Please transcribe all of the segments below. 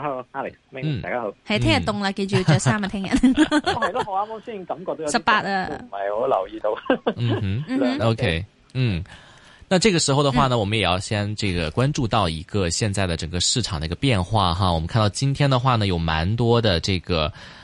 Hello hello，嗯、mm，hmm. 大家好，係聽日凍啦，記住要着衫啊！聽日，係咯、 哦，我啱啱先感覺都有十八啊，唔係了，我留意到，嗯嗯、mm hmm. 人，OK，嗯，那這個時候的話呢，mm hmm. 我們也要先這個關注到一個現在的整個市場的一個變化哈，我們看到今天的話呢，有蠻多的這個。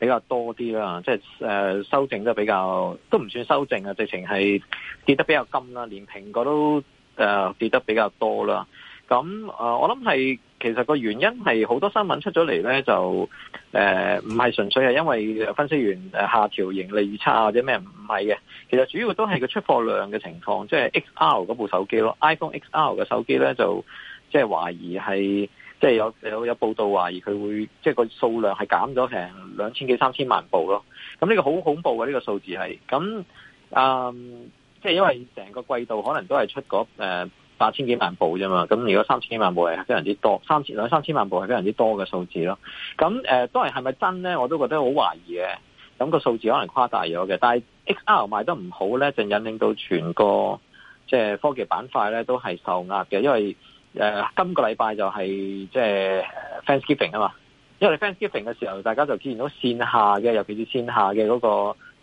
比較多啲啦，即係誒、呃、修正都比較都唔算修正啊，直情係跌得比較金啦，連蘋果都誒、呃、跌得比較多啦。咁誒、呃，我諗係其實個原因係好多新聞出咗嚟咧，就誒唔係純粹係因為分析員下調盈利預測或者咩，唔係嘅。其實主要都係個出貨量嘅情況，即係 X R 嗰部手機咯，iPhone X R 嘅手機咧就即係懷疑係。即係有有有報道懷疑佢會即係個數量係減咗成兩千幾三千萬部咯，咁呢個好恐怖嘅呢、呢個數字係。咁誒、嗯，即係因為成個季度可能都係出嗰、呃、八千幾萬部啫嘛，咁如果三千幾萬部係非常之多，三千兩三千萬部係非常之多嘅數字咯。咁誒、呃，當然係咪真咧，我都覺得好懷疑嘅。咁、那個數字可能誇大咗嘅。但係 XR 賣得唔好咧，就引領到全個即係科技板塊咧都係受壓嘅，因為。誒、呃，今個禮拜就係、是、即係 Thanksgiving 啊嘛，因為你 Thanksgiving 嘅時候，大家就見到線下嘅，尤其是線下嘅嗰個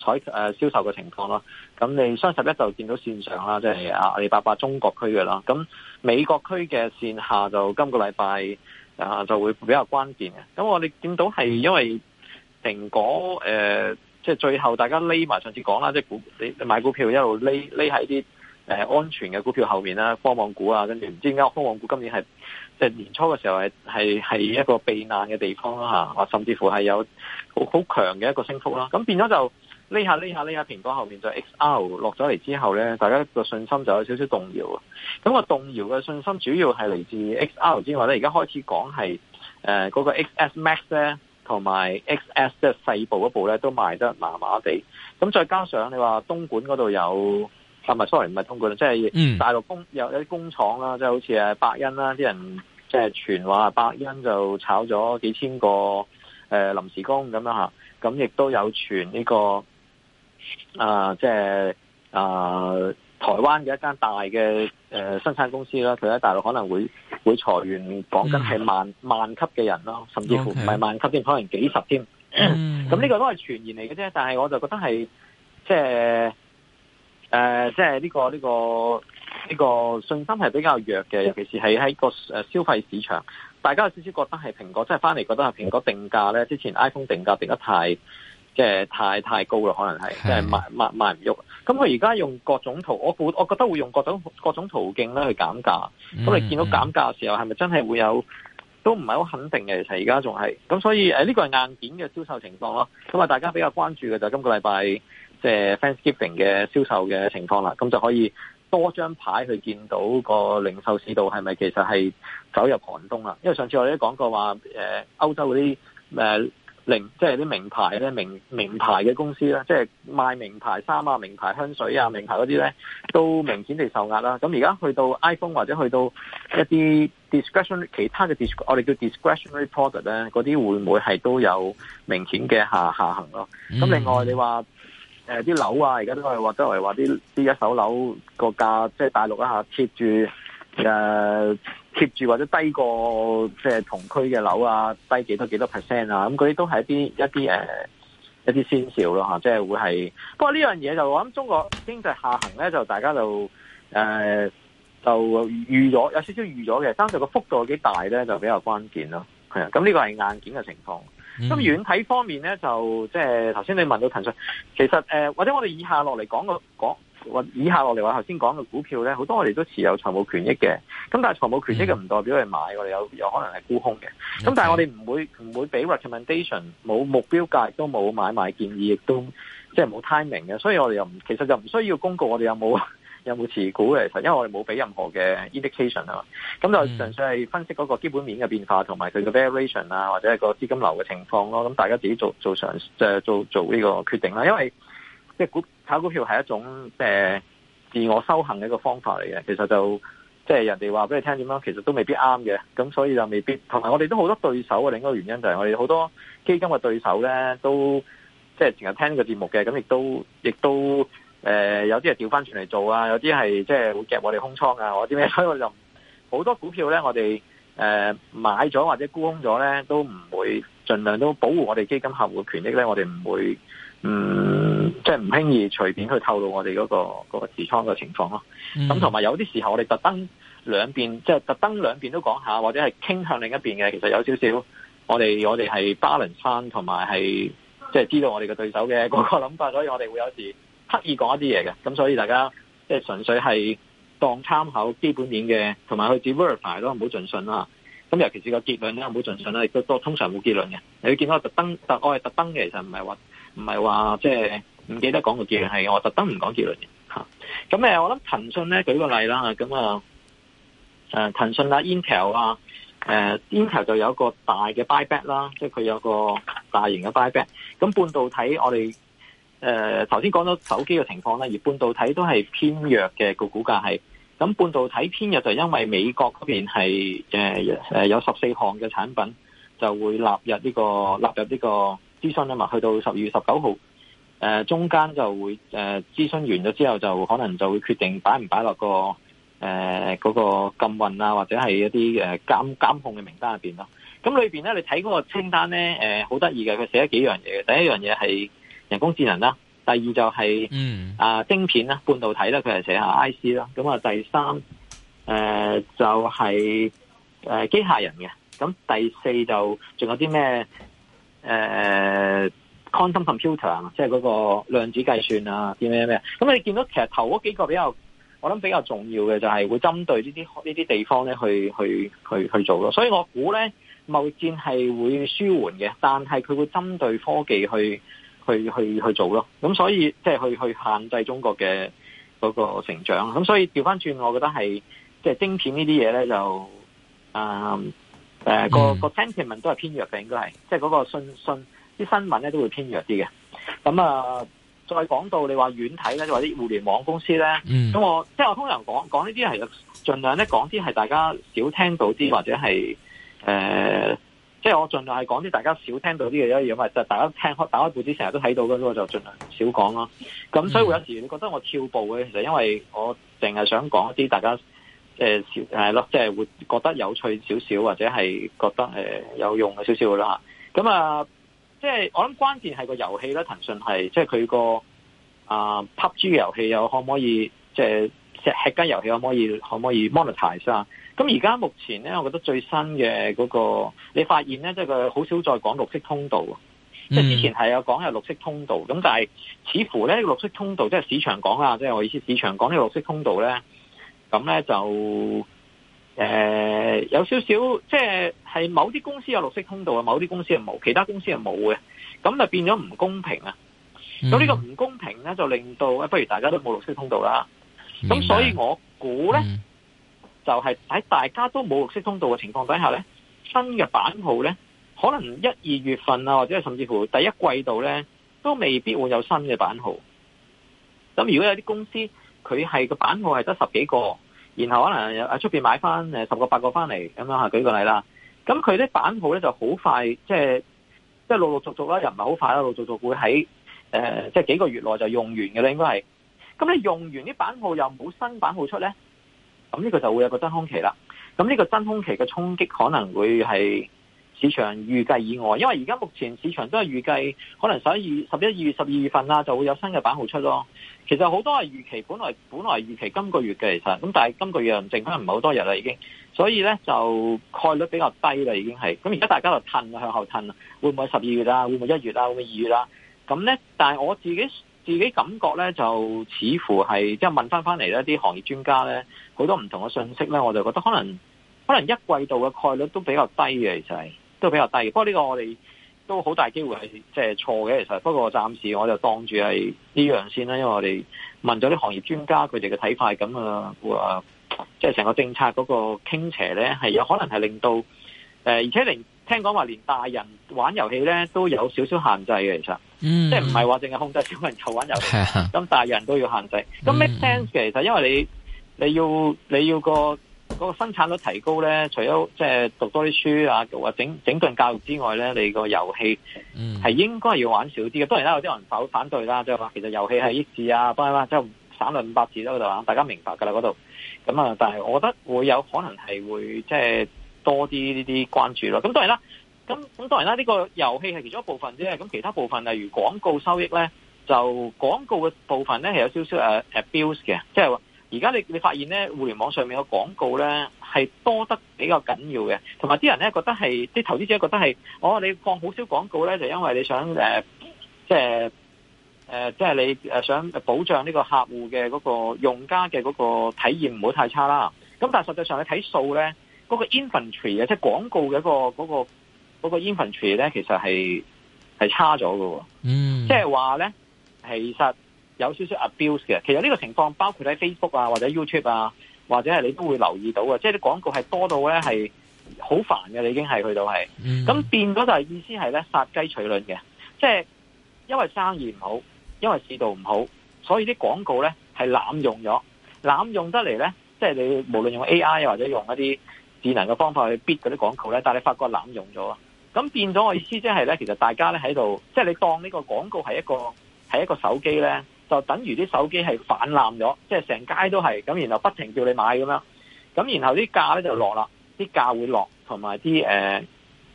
採誒銷售嘅情況啦。咁你雙十一就見到線上啦，即、就、係、是、阿里巴巴中國區嘅啦。咁美國區嘅線下就今個禮拜啊、呃，就會比較關鍵嘅。咁我哋見到係因為蘋果誒，即、呃、係、就是、最後大家匿埋，上次講啦，即、就、係、是、股你買股票一路匿匿喺啲。誒、呃、安全嘅股票後面啦，科網股啊，跟住唔知點解科網股今年係即係年初嘅時候係係係一個避難嘅地方啦嚇、啊，甚至乎係有好好強嘅一個升幅啦。咁變咗就呢下呢下呢下，下，蘋果後面就 X R 落咗嚟之後咧，大家個信心就有少少動搖。咁、嗰個動搖嘅信心主要係嚟自 X R 之外咧，而家開始講係誒嗰個 X S Max 咧，同埋 X S 即係細部嗰部咧都賣得麻麻地。咁再加上你話東莞嗰度有。係咪？sorry，唔係通過啦，即係大陸工有有啲工廠啦，即係好似係伯恩啦，啲人即係傳話伯恩就炒咗幾千個誒、呃、臨時工咁啦嚇，咁亦都有傳呢、這個啊、呃，即係啊、呃、台灣嘅一間大嘅誒、呃、生產公司啦，佢喺大陸可能會會裁員是，講緊係萬萬級嘅人咯，甚至乎唔係萬級添，可能幾十添。咁呢 Okay.、嗯、個都係傳言嚟嘅啫，但係我就覺得係即係。誒，即係呢個呢、呢個呢、呢個信心係比較弱嘅，尤其是係喺個誒消費市場，大家有少少覺得係蘋果，即係翻嚟覺得係蘋果定價咧，之前 iPhone 定，定價定得太即係太太高啦，可能係是的 即係賣賣賣唔喐。咁佢而家用各種途，我估我覺得會用各種各種途徑咧去減價。咁你見到減價嘅時候，係咪真係會有都唔係好肯定嘅？其實而家仲係咁，所以誒呢、呃呢個係硬件嘅銷售情況咯。咁啊，大家比較關注嘅就今、係、個禮拜。 即係 Thanksgiving 嘅銷售嘅情況啦，咁就可以多張牌去見到個零售市道係咪其實係走入寒冬啦？因為上次我哋都有講過話，誒、呃、歐洲嗰啲誒名，即係啲名牌咧，名名牌嘅公司啦，即係賣名牌衫啊、名牌香水啊、名牌嗰啲咧，都明顯地受壓啦。咁而家去到 iPhone 或者去到一啲 discretionary 其他嘅 dis 我哋叫 discretionary product 咧，嗰啲會唔會係都有明顯嘅下下行咯？咁、嗯、另外你話，誒，啲樓啊，而家都係話，都係話啲啲一手樓個價，即係大陸一下貼住誒，貼住或者低過即係同區嘅樓啊，低幾多幾多 percent 啊，咁嗰啲都係一啲一啲誒一啲先兆咯吓，即係會係。不過呢樣嘢就我諗中國經濟下行咧，就大家就誒就預咗有少少預咗嘅，但係個幅度幾大咧就比較關鍵咯。係啊，咁呢個係硬件嘅情況。咁、嗯、軟體方面咧，就即係頭先你問到騰訊，其實誒、呃、或者我哋以下落嚟講個講或以下落嚟話頭先講嘅股票咧，好多我哋都持有財務權益嘅。咁但係財務權益嘅唔代表係買，我哋有有可能係沽空嘅。咁、嗯、但係我哋唔會唔會俾 recommendation，冇目標價亦都冇買賣建議，亦都即係冇 timing 嘅。所以我哋又唔其實就唔需要公告我哋有冇。有冇持股嘅？其實因為我哋冇俾任何嘅 indication 啊，咁就純粹係分析嗰個基本面嘅變化，同埋佢嘅 variation 啊，或者係個資金流嘅情況咯。咁大家自己做做常，就做做呢個決定啦。因為即係股炒股票係一種誒、呃、自我修行嘅一個方法嚟嘅。其實就即係、就是、人哋話俾你聽點樣，其實都未必啱嘅。咁所以就未必。同埋我哋都好多對手嘅另一個原因就係我哋好多基金嘅對手咧，都即係成日聽呢個節目嘅，咁亦都亦都。也都誒、呃，有啲係調翻轉嚟做啊，有啲係即係會夾我哋空倉啊，或啲咩，所以我就好多股票咧，我哋誒、呃、買咗或者沽空咗咧，都唔會盡量都保護我哋基金客戶嘅權益咧，我哋唔會嗯即係唔輕易隨便去透露我哋嗰、嗰個嗰、嗰個持倉嘅情況咯、啊。咁同埋有啲時候我哋特登兩邊即係特登兩邊都講下，或者係傾向另一邊嘅，其實有少少我哋我哋係 balance 翻，同埋係即係知道我哋嘅對手嘅嗰個諗法，所以我哋會有時。刻意講一啲嘢嘅，咁所以大家即係純粹係當參考基本面嘅，同埋去做 verify 咯，唔好盡信啦。咁尤其是個結論咧，唔好盡信啦，亦都都通常冇結論嘅。你會見到我特登，但係我係特登嘅，其實唔係話唔係話即係唔記得講個結論係我特登唔講結論嘅。咁誒，我諗騰訊咧，舉個例啦，咁啊誒騰訊啊，Intel 啊，誒 Intel 就有個大嘅 buyback 啦、啊，即係佢有個大型嘅 buyback。咁半導體我哋。誒頭先講到手機嘅情況啦，而半導體都係偏弱嘅，個股價係咁。半導體偏弱就係因為美國嗰邊係，呃呃呃呃，有十四項嘅產品就會納入呢個納入呢個諮詢啊，嘛，去到十二月十九號誒中間就會誒，uh, 諮詢完咗之後，就可能就會決定擺唔擺落個誒嗰個禁運啊，呃，airline, 或者係一啲誒監監控嘅名單入邊咯。咁裏對邊呢，你睇嗰個清單呢，好得意㗎。佢寫咗幾樣嘢嘅對第一樣嘢係。人工智能啦，第二就係啊晶片啦，半導體啦，佢係寫下 IC 啦。咁啊，第三誒、呃、就係、是、誒機械人嘅。咁第四就仲有啲咩誒 quantum computer 啊，即係嗰個量子計算啊，啲咩咩。咁你見到其實頭嗰幾個比較，我諗比較重要嘅就係會針對呢啲呢啲地方咧去去去去做咯。所以我估咧，貿戰係會舒緩嘅，但係佢會針對科技去。去去去做咯，咁所以即係去去限制中國嘅嗰個成長，咁所以掉返轉，我覺得係即係晶片呢啲嘢咧就，呃呃、嗯誒個個 sentiment 都係偏弱嘅，應該係，即係嗰個信信啲新聞咧都會偏弱啲嘅。咁啊、呃，再講到你話軟體咧，或者互聯網公司咧，咁、嗯、我即係我通常講講呢啲係盡量咧講啲係大家少聽到啲或者係誒。呃即係我盡量係講啲大家少聽到啲嘅嘢，因為就大家聽開打開報紙成日都睇到嘅，我就盡量少講咯。咁所以會有時你覺得我跳步嘅，其實因為我淨係想講一啲大家，誒、呃、係、呃、咯，即、就、係、是、會覺得有趣少少，或者係覺得誒、呃、有用嘅少少啦。咁啊，即、呃、係、就是、我諗關鍵係個遊戲咧，騰訊係即係佢個啊，PUBG 嘅遊戲又可唔可以，即係即係食雞遊戲，遊戲可唔可以，可唔可以 monetize 啊？咁而家目前咧，我覺得最新嘅嗰、嗰個你發現咧，即係佢好少再講綠、嗯、綠、綠色通道，即係之前係有講有綠色通道，咁但係似乎咧綠色通道即係市場講啊，即係我意思，市場講呢個綠色通道咧，咁咧就誒有少少，即係係某啲公司有綠色通道啊，某啲公司係冇，其他公司係冇嘅，咁就變咗唔公平啊！咁呢、嗯、個唔公平咧，就令到不如大家都冇綠色通道啦。咁、嗯、所以我估咧。嗯就係喺大家都冇綠色通道嘅情況底下咧，新嘅版號咧，可能一二月份啊，或者甚至乎第一季度咧，都未必會有新嘅版號。咁如果有啲公司，佢係個版號係得十幾個，然後可能喺出邊買翻誒十個八個翻嚟，咁樣吓，舉個例啦。咁佢啲版號咧就好快，即係即係陸陸續續啦，又唔係好快啦，陸陸續續會喺誒即係幾個月內就用完嘅咧，應該係。咁你用完啲版號又冇新版號出咧？咁呢個就會有個真空期啦。咁呢個真空期嘅衝擊可能會係市場預計以外，因為而家目前市場都係預計可能十一二、十一二月、十二月份啦，就會有新嘅版號出咯。其實好多係預期本來本來預期今個月嘅，其實咁但係今個月又剩可能唔係好多日啦，已經。所以咧就概率比較低啦，已經係。咁而家大家就褪向後褪，會唔會十二月啦？會唔會一月啦？會唔會二月啦？咁咧，但係我自己。自己感覺咧，就似乎係即係問翻翻嚟呢啲行業專家咧，好多唔同嘅信息咧，我就覺得可能可能一季度嘅概率都比較低嘅，其實係都比較低。不過呢個我哋都好大機會係即係錯嘅，其實。不過暫時我就當住係呢樣先啦，因為我哋問咗啲行業專家佢哋嘅睇法，咁啊，即係成個政策嗰個傾斜咧，係有可能係令到誒、呃，而且連聽講話連大人玩遊戲咧都有少少限制嘅，其實。嗯、即係唔係話淨係控制小朋友玩遊戲，咁、啊、大人都要限制。咁、嗯、make sense 其實，因為你你要你要個個生產率提高咧，除咗即係讀多啲書啊，或整整頓教育之外咧，你個遊戲係應該要玩少啲嘅。當然啦，有啲人否反對啦，即係話其實遊戲係益智啊，不嬲啦，即係省略五百字嗰度啊，大家明白噶啦嗰度。咁啊，但係我覺得會有可能係會即係多啲呢啲關注咯。咁當然啦。咁咁，當然啦，呢個遊戲係其中一部分啫。咁其他部分，例如廣告收益咧，就廣告嘅部分咧係有少少 abuse 嘅，即係話而家你你發現咧，互聯網上面嘅廣告咧係多得比較緊要嘅，同埋啲人咧覺得係啲投資者覺得係，哦，你放好少廣告咧，就因為你想、呃呃、即係即係你想保障呢個客戶嘅嗰個用家嘅嗰個體驗唔好太差啦。咁但係實際上你睇數咧，嗰個 inventory 啊，即係廣告嘅一個嗰個。嗰個 inventory 咧，其實係係差咗㗎，嗯，即係話咧，其實有少少 abuse 嘅。其實呢個情況包括喺 Facebook 啊，或者 YouTube 啊，或者係你都會留意到嘅。即係啲廣告係多到咧係好煩嘅，你已經係去到係，咁、嗯、變咗就係、是、意思係咧殺雞取卵嘅。即、就、係、是、因為生意唔好，因為市道唔好，所以啲廣告咧係濫用咗，濫用得嚟咧，即、就、係、是、你無論用 AI 或者用一啲智能嘅方法去 bit 嗰啲廣告咧，但係你發覺濫用咗。咁變咗我意思即係咧，其實大家咧喺度，即係你當呢個廣告係一個係一個手機咧，就等於啲手機係泛濫咗，即係成街都係咁，然後不停叫你買咁樣，咁然後啲價咧就落啦，啲價會落，同埋啲誒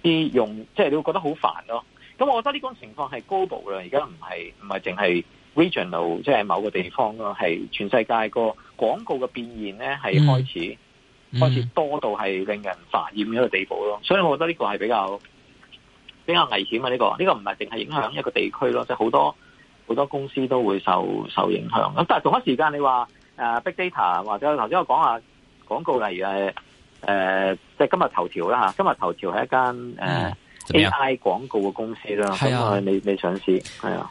啲用，即係你會覺得好煩咯。咁我覺得呢種情況係 global 啦，而家唔係唔係淨係 regional，即係某個地方咯，係全世界個廣告嘅變現咧，係開始、嗯嗯、開始多到係令人煩厭一個地步咯。所以我覺得呢個係比較。比較危險啊！呢個呢個唔係淨係影響一個地區咯，即係好多好多公司都會受受影響。咁但係同一時間，你話誒 big data 或者頭先我講下廣告，例如誒誒，即係今日頭條啦嚇，今日頭條係一間誒 AI 廣告嘅公司啦，咁是啊未未上市，係啊。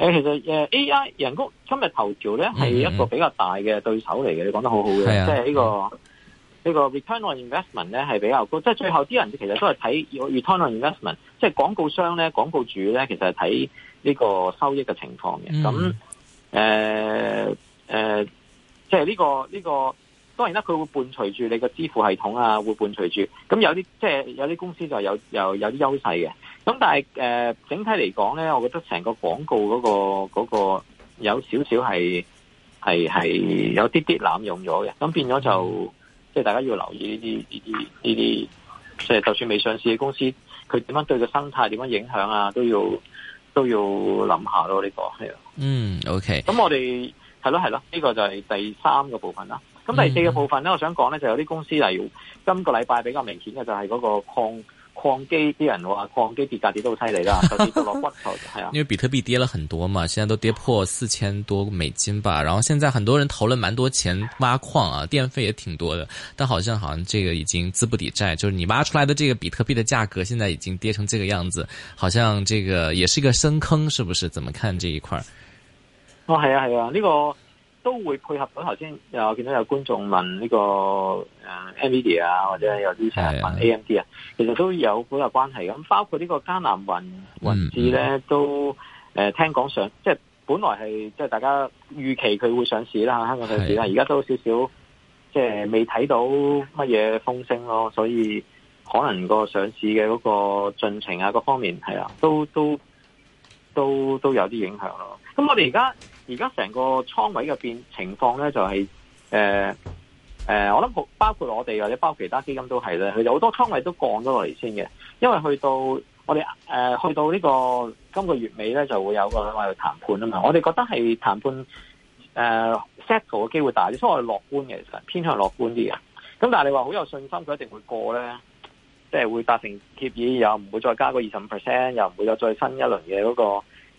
誒、呃，其實誒、呃、，A. I. 人工今日頭條咧，係一個比較大嘅對手嚟嘅。你講得好好嘅，是的即係呢、這個呢、嗯、個 return on investment 咧，係比較高。即係最後啲人其實都係睇 return on investment，即係廣告商咧、廣告主咧，其實係睇呢個收益嘅情況嘅。咁誒誒，即係呢個呢個。這個當然啦，佢會伴隨住你個支付系統啊，會伴隨住。咁有啲即係有啲公司就有又有啲優勢嘅。咁但係誒、呃，整體嚟講咧，我覺得成個廣告嗰、嗰個、嗰個有少少係係係有啲啲濫用咗嘅。咁變咗就即係大家要留意呢啲呢啲呢啲，即係就算未上市嘅公司，佢點樣對個生態、點樣影響啊，都要都要諗下咯。呢個係啊。嗯，OK。咁我哋係咯係咯，呢、呢個就係第三個部分啦。咁、嗯、第四個部分呢，我想講呢，就有啲公司嚟，今個禮拜比較明顯嘅，就係嗰個礦礦機，啲人話礦機跌價跌得好犀利啦，都落骨頭 因為比特幣跌了很多嘛，現在都跌破四千多美金吧。然後現在很多人投了蠻多錢挖礦啊，電費也挺多的，但好像好像這個已經資不抵債，就是你挖出來的這個比特幣的價格現在已經跌成這個樣子，好像這個也是一個深坑，是不是？怎麼看這一塊？哦，係啊，係啊，呢、這個。都會配合到頭先，又見到有觀眾問呢個 NVIDIA 啊，或者有啲成日問 AMD 啊，其實都有好有關係咁。包括呢個迦南雲雲智呢，咧、嗯，都誒、呃、聽講上，即係本來係即係大家預期佢會上市啦，香港上市啦，而家、啊、都少少即係未睇到乜嘢風聲咯，所以可能個上市嘅嗰個進程啊，各方面係啊，都都都都有啲影響咯。咁我哋而家。而家成個倉位嘅變情況咧、就是，就係誒誒，我諗包包括我哋或者包括其他基金都係咧，佢就好多倉位都降咗落嚟先嘅。因為去到我哋誒、呃、去到呢、這個今個月尾咧，就會有個話去談判啊嘛。我哋覺得係談判誒 settle 嘅機會大啲，所以我哋樂觀嘅，其實偏向樂觀啲啊。咁但係你話好有信心佢一定會過咧，即係會達成協議又唔會再加個二十五 percent，又唔會有再新一輪嘅嗰個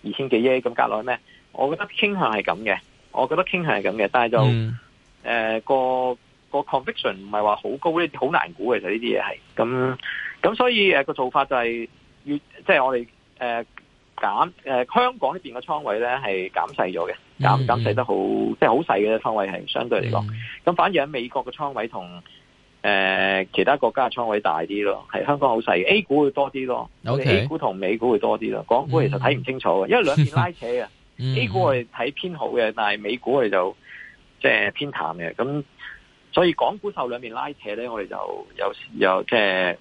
二千幾億咁加落去咩？我覺得傾向係咁嘅，我覺得傾向係咁嘅，但係就誒、嗯呃、個個 conviction 唔係話好高呢，好難估嘅。其實呢啲嘢係咁咁，所以誒個、呃、做法就係、是、要即係我哋誒減誒香港呢邊嘅倉位咧係減細咗嘅，減唔減細得好即係好細嘅倉位係相對嚟講。咁、嗯、反而喺美國嘅倉位同誒、呃、其他國家嘅倉位大啲咯，係香港好細，A 股會多啲咯 Okay，A 股同美股會多啲咯，港股其實睇唔清楚嘅，嗯、因為兩邊拉扯嘅 A 股我哋睇偏好嘅，但係美股我哋就即係偏淡嘅。咁所以港股受兩面拉扯咧，我哋就有有即係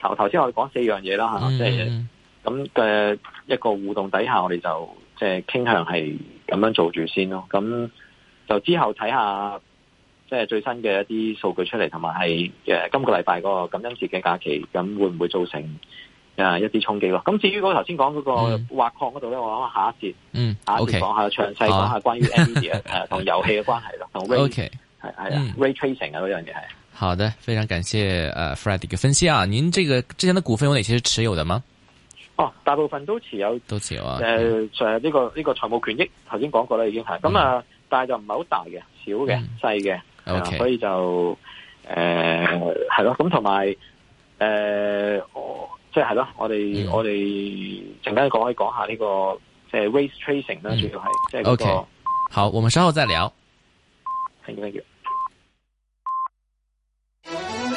頭頭先我哋講四樣嘢啦吓，即係咁嘅一個互動底下，我哋就即係傾向係咁樣做住先咯。咁就之後睇下即係、就是、最新嘅一啲數據出嚟，同埋係誒今個禮拜嗰個感恩節嘅假期，咁會唔會造成？誒，一啲衝擊咯。咁至於我頭先講嗰個挖礦嗰度咧，我諗下一節，下一節講下詳細講下關於 Nvidia 同遊戲嘅關係咯。同 ray 係係 ray tracing 啊，嗰樣嘢係。好的，非常感謝誒 Fred 嘅分析啊。您這個之前的股份有哪些是持有的嗎？哦，大部分都持有，都持有誒誒，呢個呢個財務權益，頭先講過啦，已經係。咁啊，但係就唔係好大嘅，小嘅，細嘅。O K，所以就誒係咯。咁同埋誒我。即係係咯，我哋，嗯、我哋陣間講可以講下呢個即係 race tracing 啦，就是，主要係即係 OK，好，我們稍後再聊，thank you，thank you。You.